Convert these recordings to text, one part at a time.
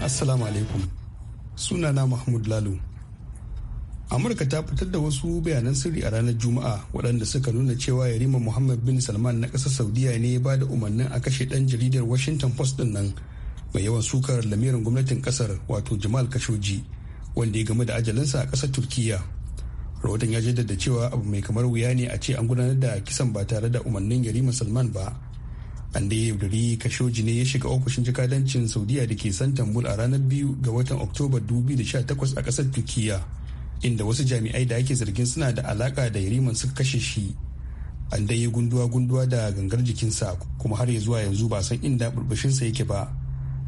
assalamu alaikum sunana mahmud lalu amurka ta fitar da wasu bayanan sirri a ranar juma'a waɗanda suka nuna cewa yarima muhammad bin salman na ƙasar saudiya ne ba da umarnin a kashe ɗan jaridar washington post ɗin nan mai yawan sukar lamirin gwamnatin ƙasar wato jamal kashoji wanda ya game da ajalinsa a ƙasar turkiya rahoton ya jaddada cewa abu mai kamar wuya ne a ce an gudanar da kisan ba tare da umarnin yarima salman ba an da yaudari kashoji ne ya shiga ofishin jakadancin saudiya da ke santambul a ranar biyu ga watan oktoba 2018 a kasar turkiya inda wasu jami'ai da ake zargin suna da alaka da yariman suka kashe shi an dai gunduwa-gunduwa da gangar jikinsa kuma har ya zuwa yanzu ba san inda burbushinsa yake ba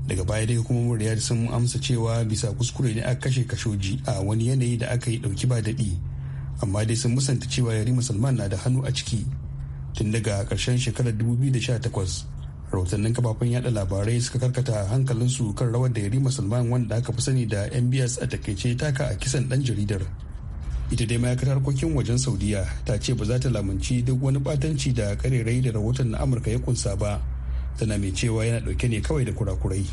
daga baya dai kuma riyad sun amsa cewa bisa kuskure ne aka kashe kashoji a wani yanayi da aka yi dauki ba daɗi amma dai sun musanta cewa yari salman na da hannu a ciki tun daga karshen shekarar 2018 rahotannin kafafen yada labarai suka karkata hankalinsu kan rawar da yarima salman wanda aka fi sani da mbs a takaice taka a kisan dan jaridar ita dai ma'aikatar harkokin wajen saudiya ta ce ba za ta lamunci duk wani batanci da karerai da rahoton na amurka ya kunsa ba tana mai cewa yana dauke ne kawai da kurakurai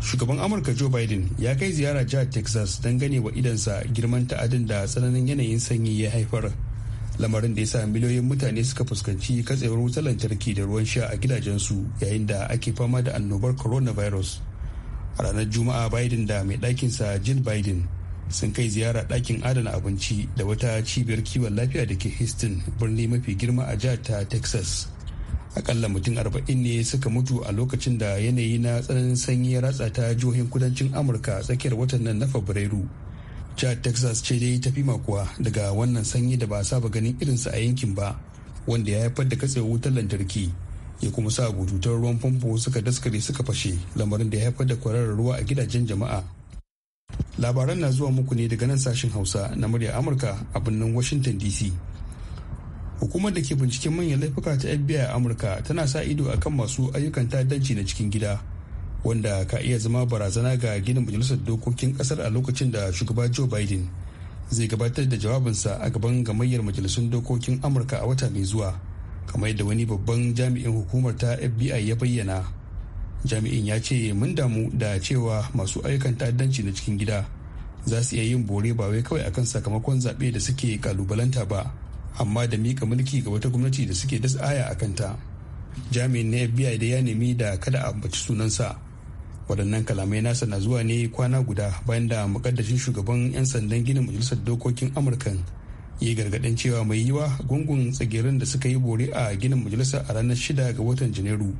shugaban amurka joe biden ya kai ziyara jihar texas don gane wa idansa girman ta'adin da tsananin yanayin sanyi ya haifar lamarin da ya sa miliyoyin mutane suka fuskanci katsewar wutar lantarki da ruwan sha a gidajensu yayin da ake fama da annobar coronavirus a ranar juma'a biden da mai ɗakinsa jill biden sun kai ziyara ɗakin adana abinci da wata cibiyar kiwon lafiya da ke houston birni mafi girma a jihar ta texas akalla mutum arba'in ne suka mutu a lokacin da yanayi na tsananin sanyi ya ratsa ta jihohin kudancin amurka tsakiyar watan nan na fabrairu jihar texas ce dai ta fi makuwa daga wannan sanyi da ba a saba ganin irinsa a yankin ba wanda ya haifar da katsewar wutar lantarki ya kuma sa bututun ruwan famfo suka daskare suka fashe lamarin da ya haifar da kwararar ruwa a gidajen jama'a labaran na zuwa muku ne daga nan sashen hausa na murya amurka a birnin washington dc hukumar da ke binciken manyan laifuka ta fbi a amurka tana sa ido akan masu ayyukan ta'addanci na cikin gida wanda ka iya zama barazana ga ginin majalisar dokokin kasar a lokacin da shugaba joe biden zai gabatar da jawabinsa a gaban gamayyar majalisun dokokin amurka a wata mai zuwa kamar yadda wani babban jami'in hukumar ta fbi ya bayyana jami'in ya ce mun damu da cewa masu ayyukan ta'addanci na cikin gida za su iya yin bore ba wai kawai akan sakamakon zaɓe da suke kalubalanta ba amma da mika mulki ga wata gwamnati da suke dasa aya a kanta jami'in na fbi da ya nemi da kada a ambaci sunansa waɗannan kalamai nasa na zuwa ne kwana guda bayan da mukaddashin shugaban 'yan sandan ginin majalisar dokokin amurka yi gargaɗin cewa mai yiwa gungun tsagirin da suka yi bore a ginin majalisar a ranar shida ga watan janairu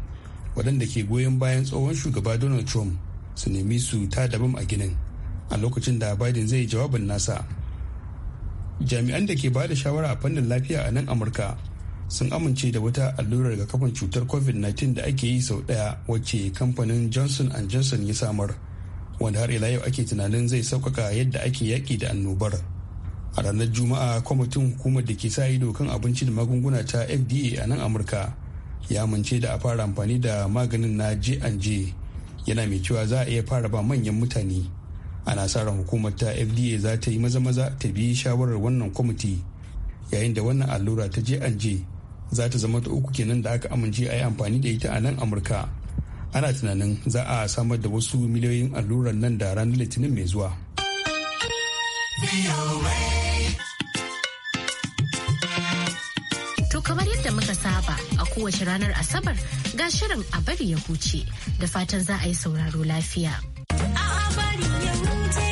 waɗanda ke goyon bayan tsohon shugaba donald trump su nemi su ta dabam a ginin a lokacin da biden zai jawabin nasa jami'an da ke bada shawara a fannin lafiya a nan amurka sun amince da wata allurar ga kafin cutar covid-19 da ake yi sau daya wacce kamfanin johnson johnson ya samar wanda har ila yau ake tunanin zai sauƙaƙa yadda ake yaƙi da annobar a ranar juma'a kwamitin hukumar da ke sa ido kan abinci da magunguna ta fda a nan amurka ya amince da a fara amfani da maganin na j&j yana mai cewa za a iya fara ba manyan mutane ana sa ran hukumar ta fda za ta yi maza-maza ta bi shawarar wannan kwamiti yayin da wannan allura ta j&j za ta zama ta uku kenan da aka amince a yi amfani da ita a nan amurka ana tunanin za a samar da wasu miliyoyin allurar nan da ranar litinin mai zuwa to kamar yadda muka saba a kowace ranar asabar ga shirin a bari ya huce da fatan za a yi sauraro lafiya. A bari ya huce.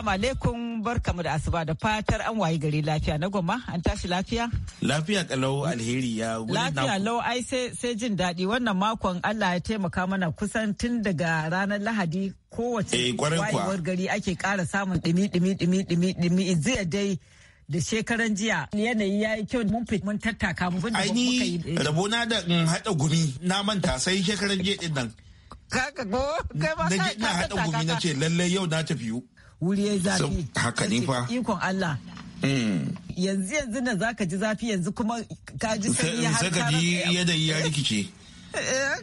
Assalamu alaikum barkamu da asuba da fatar an wayi gari lafiya na goma an tashi lafiya? Lafiya kalau alheri ya wuri Lafiya lau ai sai jin daɗi wannan makon Allah ya taimaka mana kusan tun daga ranar Lahadi kowace eh, wayewar gari ake ƙara samun ɗimi ɗimi ɗimi ɗimi ɗumi zai dai da shekaran jiya yanayi ya yi kyau mun mun tattaka mun da muka yi. Eh. Rabona da in haɗa gumi na manta sai shekaran jiya ɗin nan. Kaka ko kai ba ka haɗa gumi na ce lallai yau na tafiyu. wuri ya zafi haka ne fa ikon Allah hmm. yanzu yanzu na zaka ji zafi yanzu kuma ka ji sanyi har ka ji yadda ya rikice eh,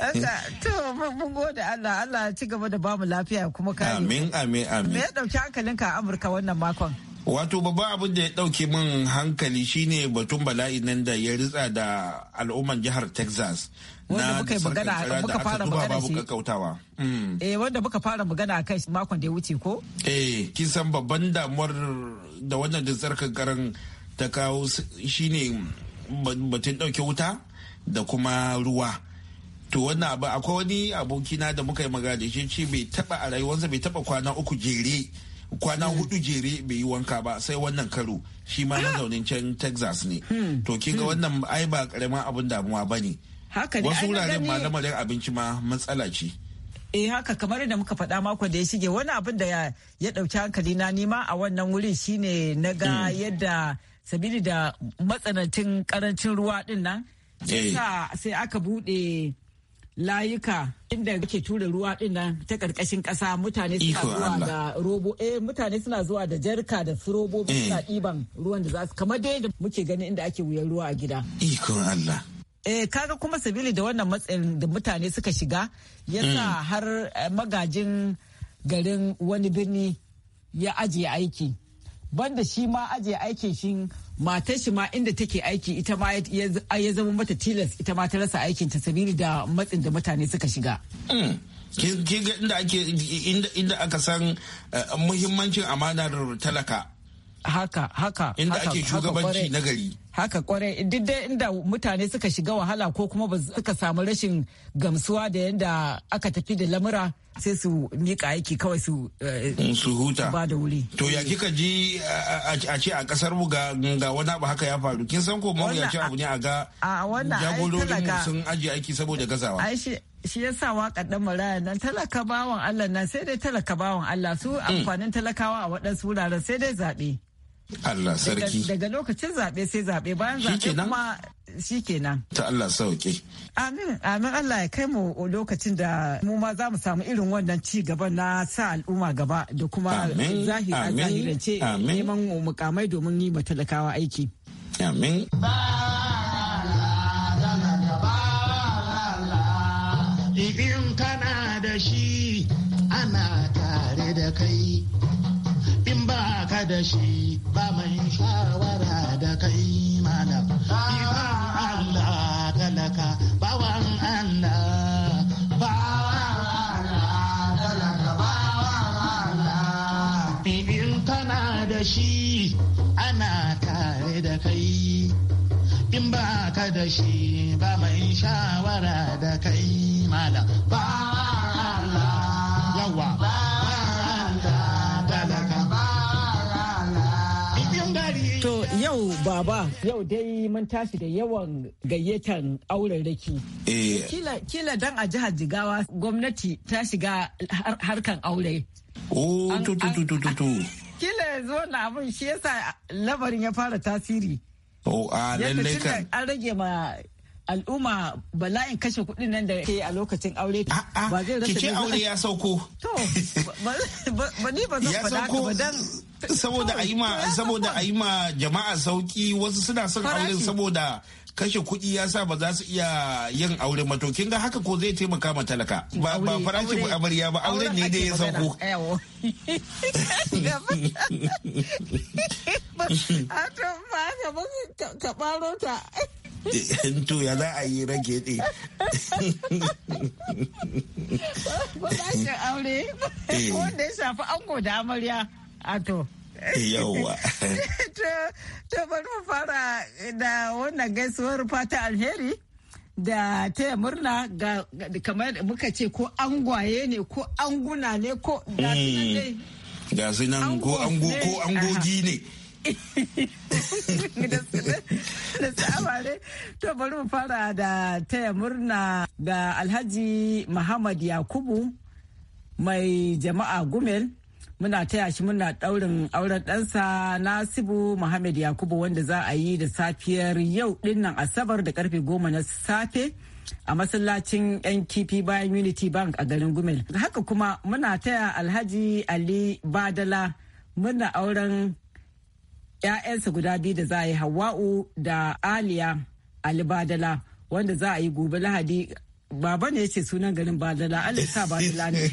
haka to mun gode Allah Allah ci gaba da bamu lafiya kuma ka amin amin amin me ya dauki hankalinka a Amurka wannan makon Wato babban abin da ya ɗauke min hankali shine batun bala'i nan da ya ritsa da al'umman jihar Texas wanda muka magana muka fara magana shi hmm. eh wanda muka fara magana kai makon da ya wuce ko eh kin san babban damuwar da wannan dinsar karan ta kawo shine batun dauke wuta da kuma ruwa to wannan abu akwai wani abokina da muka yi magana da shi ce bai taba a rayuwarsa bai taba kwana uku jere kwana hmm. hudu jere bai yi wanka ba sai wannan karo shi ma mazaunin can texas ne hmm. to kiga wannan ai ba karamin abun damuwa ba ne haka ne wasu wuraren ma abinci ma matsala ce eh haka kamar da muka faɗa mako da ya shige wani abin da ya ɗauki hankali na nima a wannan wuri shine na ga hmm. yadda sabili da matsanancin karancin ruwa din nan eh. sai aka buɗe layuka inda ke tura ruwa din nan ta ƙarƙashin ƙasa mutane suna zuwa da robo eh mutane suna zuwa da jarka da su hmm. suna ɗiban ruwan da za su kamar dai da muke gani inda ake wuyan ruwa a gida ikon Allah eh kaga kuma sabili da wannan matsayin da mutane suka shiga ya yasa mm. har eh, magajin garin wani birni ya ajiye aiki banda shi ma ajiye aikin shi matar shi ma inda take aiki ita ma ya zama mata tilas ita ma ta rasa aikin ta sabili da matsin da mutane suka shiga mm. inda inda aka san eh, muhimmancin amanar talaka haka haka inda ake shugabanci na gari haka kwarai duk dai inda mutane suka shiga wahala ko kuma ba suka samu rashin gamsuwa da yadda aka tafi da lamura sai su mika aiki kawai su eh, su huta ba da wuri to ya kika ji a ce a kasar mu ga wani abu haka ya faru kin san ko mu ya ce abu ne a ga jagororin sun aje aiki saboda gazawa shi ya sa waƙar ɗan maraya nan talaka bawan Allah nan sai dai talaka bawan Allah su hmm. amfanin talakawa a waɗansu wuraren sai dai zaɓe. Allah sarki. Daga lokacin zaɓe sai zaɓe bayan zaɓe kuma shi kenan. Ta Allah sauke. Amin, amin Allah ya kai mu lokacin da mu ma za mu samu irin wannan ci gaba na sa al'umma gaba da kuma zahirance neman mukamai domin yi talakawa aiki. Amin. Ibin kana da shi ana tare da kai in ba ka da shi ba mai shawara da kai malam iman Allah talaka bawan Allah bawan Allah talaka bawan Allah in kana da shi ana tare da kai in ba ka da shi ba mai shawara da kai malam bawan Allah yawa Baba, yau dai mun tashi da yawan gayyatan aurareki. raki. Eh. Kila, kila dan a jihar Jigawa gwamnati ta shiga harkan aure. Oh, zo na abin shi yasa labarin ya fara tasiri. Oh, a lallai kan. An rage ma al'umma bala'in kashe kuɗin nan da ke a lokacin aure ba zai rasa ce aure ya sauko to ba ni ba zan faɗa ka ba dan saboda ayima saboda ma jama'a sauki wasu suna son auren saboda kashe kuɗi ya sa ba za su iya yin aure mato kin ga haka ko zai taimaka ma talaka ba ba farashin amarya ba auren ne da ya sauko ba ka baro ta to ya za a yi rage ɗi bashin aure eh. wanda ya shafi ango da amarya a to yawwa to bari mu fara da wannan gaisuwar fata alheri da taya murna ga kamar muka ce ko angwaye ne ko anguna ne ko ga su nan hmm. ko ango ko angogi ne to bari mu fara da taya murna ga alhaji muhammad yakubu mai jama'a gumel muna taya shi muna daurin auren ɗansa nasibu muhammad yakubu wanda za a yi da safiyar yau dinnan asabar da karfe goma na safe a masallacin yan kifi bayan unity bank a garin gumel haka kuma muna taya alhaji ali badala muna auren 'ya'yansa guda biyu da za a yi hawa'u da aliya alibadala wanda za a yi gobe lahadi baba ne ce sunan garin badala Allah sa badala ne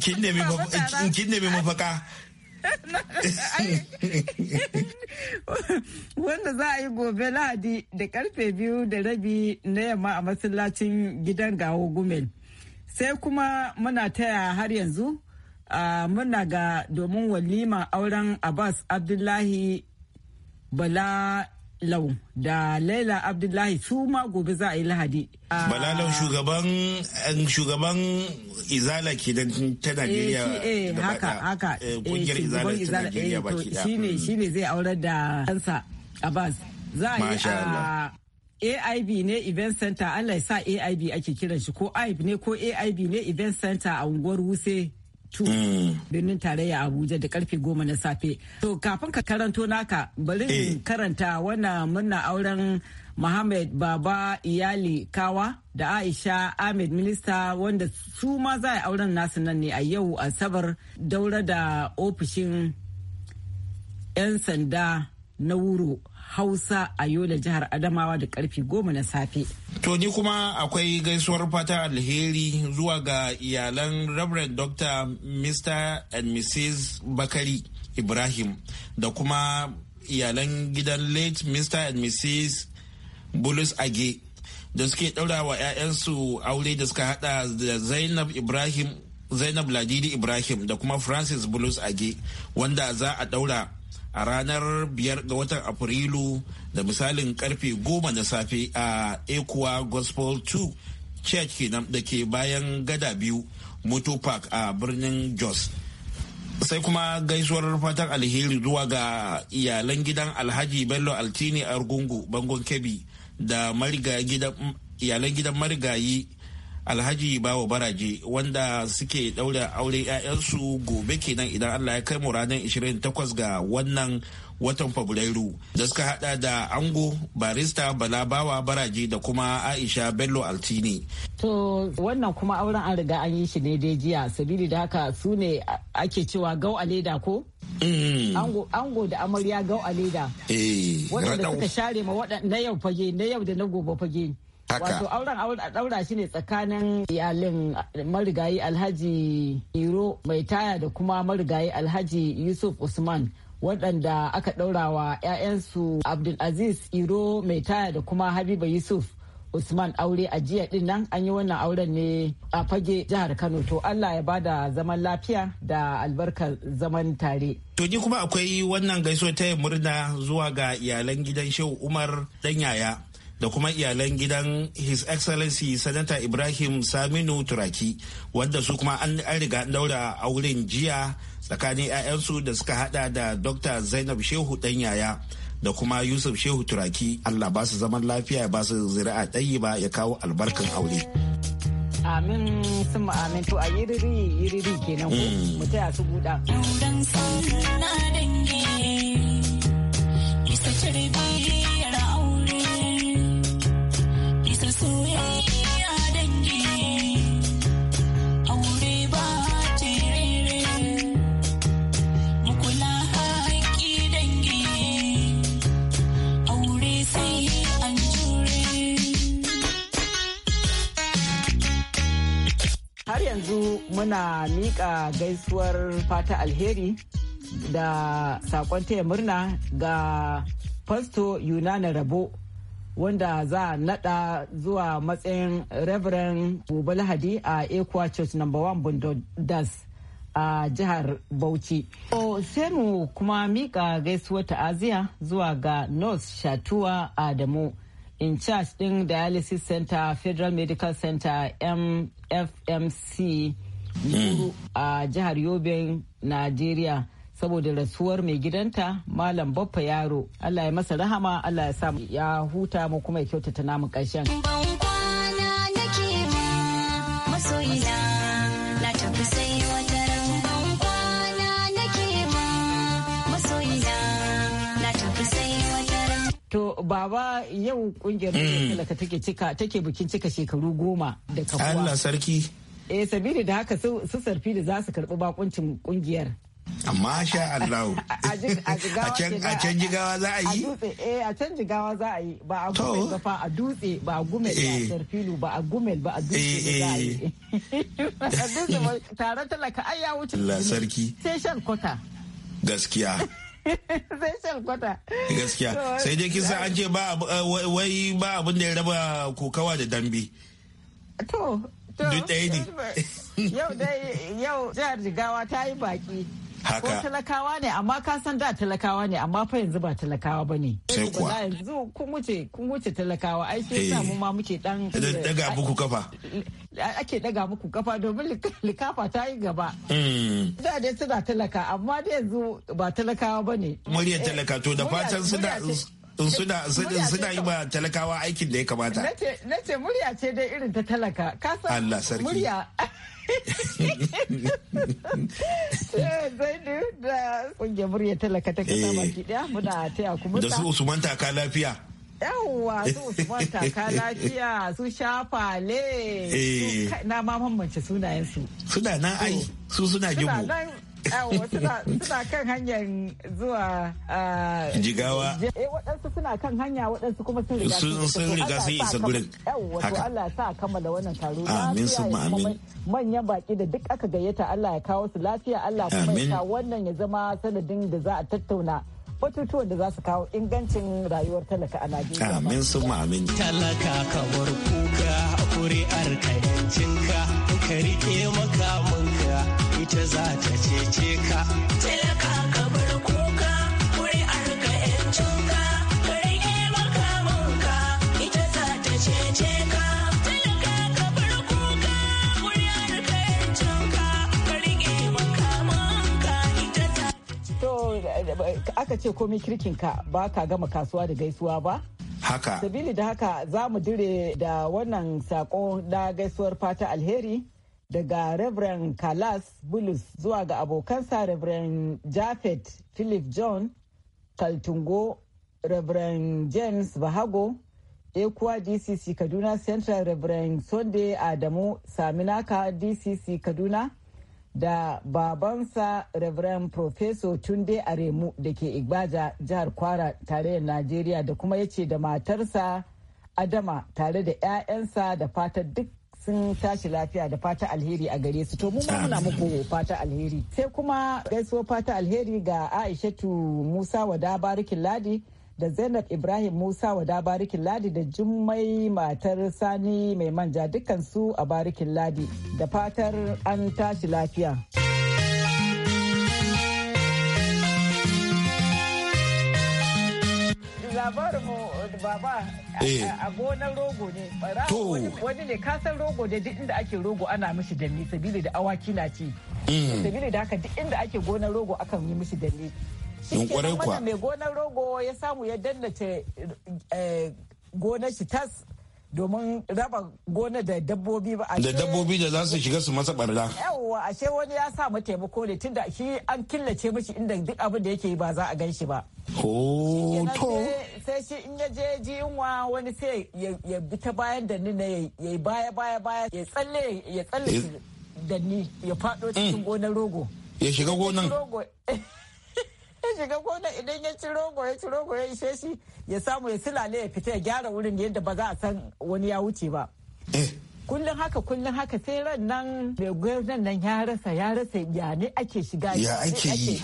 kin nemi kin nemi mafaka wanda za a yi gobe lahadi da karfe biyu da rabi na yamma a masallacin gidan gawo gumel sai kuma muna taya har yanzu muna ga domin walima auren Abbas Abdullahi Bala Lau da Laila Abdullahi su ma gobe za a yi Lahadi. Bala Lau shugaban shugaban Izala da ta eh, Najeriya. da eh, haka haka. Eh, kungiyar Izala ta Najeriya baki da. Shine hmm. shine zai aurar da kansa Abbas. Za a yi AIB ne Event Center Allah ya sa AIB ake kiran shi ko AIB ne ko AIB ne Event Center a unguwar Wuse plateau mm. birnin tarayya abuja da karfe goma na safe to kafin ka karanto naka bari eh. karanta wannan murna auren Muhammad Baba Iyali Kawa da Aisha Ahmed Minista wanda su ma za a auren nasu nan ne a yau Asabar daura da ofishin 'yan sanda na wuro Hausa a Yola jihar Adamawa da karfe goma na safe. To ni kuma akwai gaisuwar fata alheri zuwa ga iyalan Reverend Dr. Mr. and Mrs. Bakari Ibrahim da kuma iyalan gidan late Mr. and Mrs. Bulus Age da suke ɗaura wa 'ya'yansu aure da suka hada da Zainab Ibrahim Zainab Ladidi Ibrahim da kuma Francis Bulus Age wanda za a ɗaura a ranar biyar ga watan afrilu da misalin karfe goma na safe a equa gospel 2 church kenan da ke bayan gada biyu moto park a birnin jos sai kuma gaisuwar fatan alheri zuwa ga iyalan gidan alhaji bello altini argungu bangon kebi da iyalan gidan marigayi alhaji bawa baraje wanda suke daura aure 'ya'yansu gobe kenan idan allah ya kai mu ranar 28 ga wannan watan fabrairu da suka hada da ango barista bala bawa baraje da kuma aisha bello altini to wannan kuma auren an riga an yi shi ne dai jiya sabili da haka su ne ake cewa gau a leda ko mm. ango da amarya gau a leda eh, Wadanda suka share ma na yau fage na yau da na gobe fage Haka. Wato auren a daura shi ne tsakanin iyalin marigayi Alhaji Iro mai taya da kuma marigayi Alhaji Yusuf Usman waɗanda aka ɗaurawa 'ya'yansu Abdulaziz Iro mai taya da kuma Habiba Yusuf. Usman aure a jiya din nan an yi wannan auren ne a fage jihar Kano to Allah ya ba da zaman lafiya da albarkar zaman tare. To ni kuma akwai wannan gaisuwa ta murna zuwa ga iyalan gidan Shehu Umar dan yaya da kuma iyalan gidan his excellency Senator ibrahim saminu turaki wanda su kuma an riga daura auren jiya tsakanin 'ya'yansu da suka hada da dr zainab shehu dan yaya da kuma yusuf shehu turaki allah ba su zaman lafiya ba su zira'a ɗayi ba ya kawo albarkan aure amin sun amin to a yi riri kenan ko mm. mu su buɗa. mika gaisuwar fata alheri da sakon taya murna ga fasto yunana rabo wanda za a nada zuwa matsayin reverend bubalhadi a equa church number one bundo a jihar bauchi sai mu kuma mika gaisuwar ta'aziyya zuwa ga north shatuwa adamu in charge din dialysis center federal medical center mfmc Hmm. a jihar Yobe, Najeriya. saboda rasuwar mai gidanta malam baffa yaro allah ya masa rahama allah ya sa ya huta mu kuma ya kyautata namu ƙarshen To baba yau kungiyar hmm. talaka take cika take bikin cika shekaru goma da kafuwa. Allah sarki. eh sabili da haka su sarfi da za su karbi bakuncin kungiyar amma sha Allah a can jigawa za a yi eh a can jigawa za a yi ba a gumel ba fa a dutse ba a gumel ba a eh. sarfilu ba a gumel ba a dutse ba eh, a yi eh. a dutse tare talaka ai ya wuce Allah sarki sai shan kwata gaskiya sai shan kwata gaskiya sai dai kisa an ce ba wai ba abin da ya raba kokawa da dambe to Duk ɗaya ne. Yau dai yau jihar Jigawa ta yi baki. Haka. Ko talakawa ne amma ka san da talakawa ne amma fa yanzu ba talakawa ba ne. Sai kuwa. Yanzu kun wuce kun wuce talakawa ai sai samu eh. mu ma muke dan. Daga eh, muku kafa. Ake daga muku kafa domin likafa ta yi gaba. Hmm. Da dai suna talaka amma da yanzu ba talakawa ba ne. Muryar talaka to da fatan suna suna suna yi ma talakawa aikin da ya kamata na ce murya ce dai irin ta talaka ka san murya eh, ne da kungiyar murya talaka ta kasa eh. baki daya muna taya kuma da su Usman taka lafiya yawwa su Usman taka lafiya su shafale eh. na ma mamance sunayen su suna nan ai su suna gimu suna kan hanyar zuwa ah, jigawa eh waɗansu suna kan hanya waɗansu kuma sun riga sun riga sun isa gurin haka Allah sa kammala wannan taro amin summa amin manyan baki da duk aka gayyata Allah ya kawo su lafiya Allah kuma ya wannan ya zama sanadin da za a tattauna batutuwan da za su kawo ingancin rayuwar talaka a Najeriya. Amin su. amin. Talaka kamar kuka a kuri'ar cinka ka rike makamanka ita za ta cece ka. kuka, ka e ita za ta cece aka ce komai kirkinka ba ka gama kasuwa da gaisuwa ba? Haka. Sabili da haka za mu dire da wannan sako na gaisuwar fata alheri daga Reverend Kalas Bulus zuwa ga abokansa Reverend Japheth Philip John Kaltungo, Reverend James Bahago, Ekuwa DCC Kaduna Central Reverend Sunday Adamu Saminaka DCC Kaduna da babansa Reverend Professor Tunde Aremu da ke Igbaja jihar Kwara tarayyar Najeriya da kuma yace da matarsa Adama tare da 'ya'yansa da fatar duk sun tashi lafiya da fata alheri a gare su to mu muna muku fata alheri sai kuma gaisuwa fata alheri ga aishatu musa wada barikin ladi da zainab ibrahim musa wada barikin ladi da jummai matar sani mai manja dukansu a barikin ladi da fatar an tashi lafiya. baba eh. a gonar rogo ne wani ne kasan rogo da duk inda ake rogo ana mishi danne sabili da awaki na ci mm. sabili da haka duk inda ake gonar rogo akan yi mishi danne shi ke mai gonar rogo ya samu ya dannace eh, gonar shi tas domin raba gona da dabbobi ba a da dabbobi da za su shiga su masa barna yawwa ashe wani ya sa taimako ne tunda shi an killace mishi inda duk abin da yake yi ba za a gan shi ba to sai shi in ya je ji inwa wani sai ya bi ta bayan da ni ne ya yi baya baya baya ya tsalle ya tsalle eh. da ni ya fado cikin mm. gonar rogo ya shiga gonan ya shiga gona idan ya ci rogo ya ci rogo ya ishe shi ya samu ya silale ya fita ya gyara wurin yadda ba za a san wani ya wuce ba eh. kullum haka kullum haka sai ran nan mai gwamnan nan ya rasa ya rasa ya ne ake shiga ya ake yi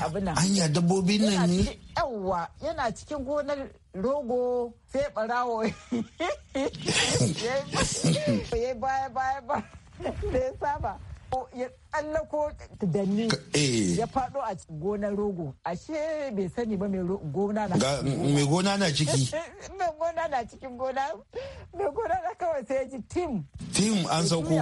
ya dabbobi nan ne yawwa yana cikin gonar rogo sai barawo ya baya baya ba da ya saba Eh. ya tsallako da ni ya fado a gonar rogo ashe bai sani ba mai gona na mai gona na ciki mai gona na cikin gona mai gona na kawai sai ya ji tim tim an sauko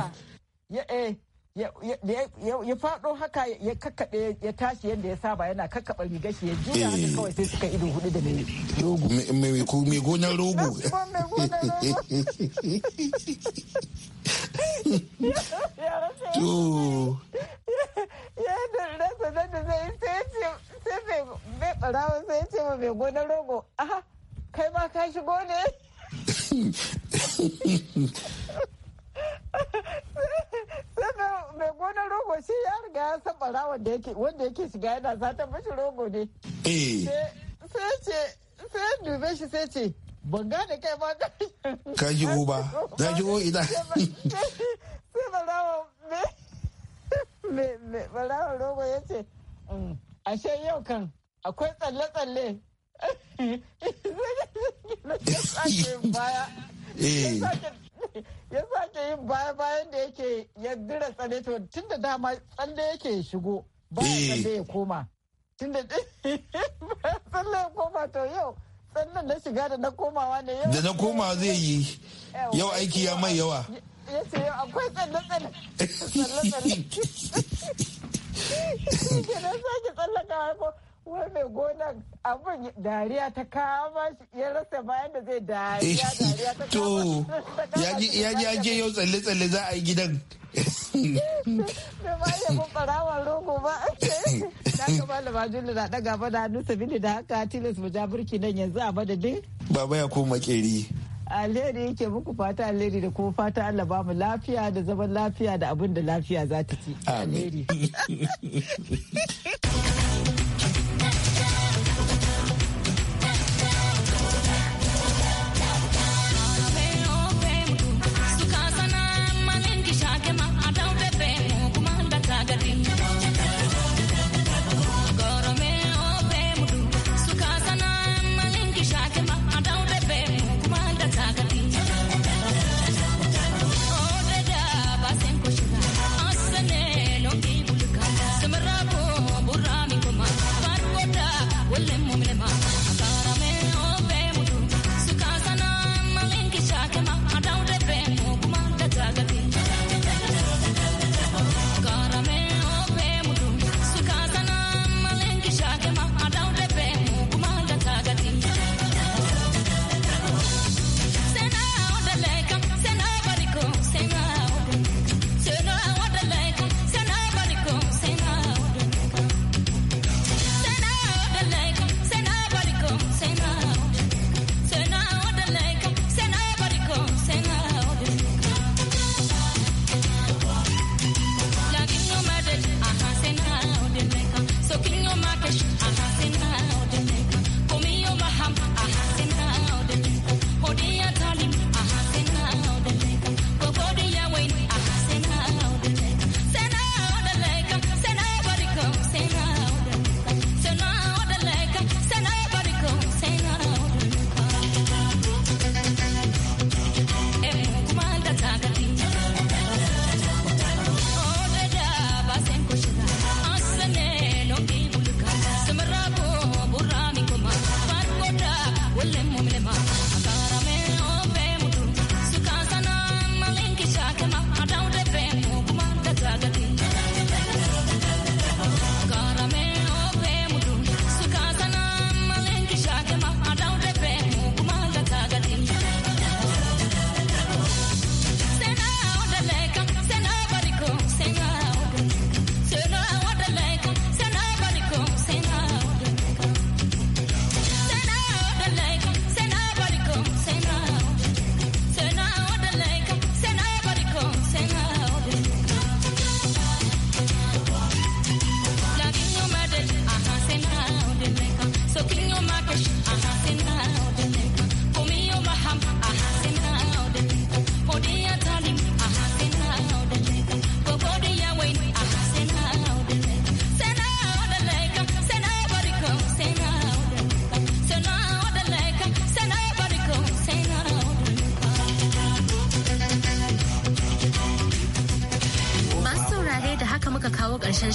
ya eh ya faɗo haka ya kakkaɓe ya tashi yadda ya saba yana kakkaɓa rigar shi ya juya haka eh. kawai sai suka ido hudu da mai rogo. Mai gonar rogo. Ya rasa da da zai sai sai bai sai ce ma mai gonar rogo. Aha kai ma ka shigo ne. mai gonar rogo shi ya riga ya san bara wanda yake shiga yana sata mashi rogo ne eh. sai ce sai dube shi sai ce ban gane kai ba ka ji ba za ji ina sai barawa me barawa rogo ya ce mm, ashe yau kan akwai tsalle-tsalle baya eh. dinga baya bayan da yake ya dira tsare to tun da dama tsalle yake shigo ba eh. tsalle ya koma tun da tsalle ya koma to yau tsallen na shiga da na komawa ne yau da na koma zai yi yau aiki ya mai yawa ya ce yau akwai tsalle tsalle tsalle tsalle Kuwa mai gonan abin dariya ta kama ya rasa bayan da zai dariya eh, dariya ta to ya je yau tsalle tsalle za a yi gidan da ba ya mun rogo ba da ka malama na ba da hannu da haka tilas mu ja burki nan yanzu a madadin baba ya koma keri alheri yake muku fata alheri da kuma fata Allah ba mu lafiya da zaman lafiya da abin da lafiya za ta ci alheri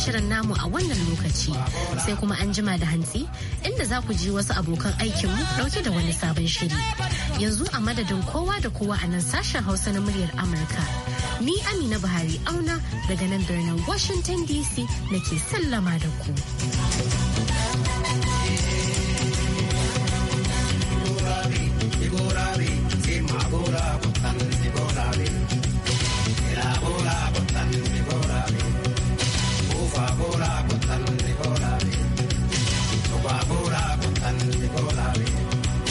shirin namu a wannan lokaci sai kuma an jima da hantsi inda za ku ji wasu abokan aikinmu dauke da wani sabon shiri. Yanzu a madadin kowa da kowa a nan sashen Hausa na muryar Amurka. Ni Amina Buhari auna daga nan birnin Washington DC nake sallama da ku.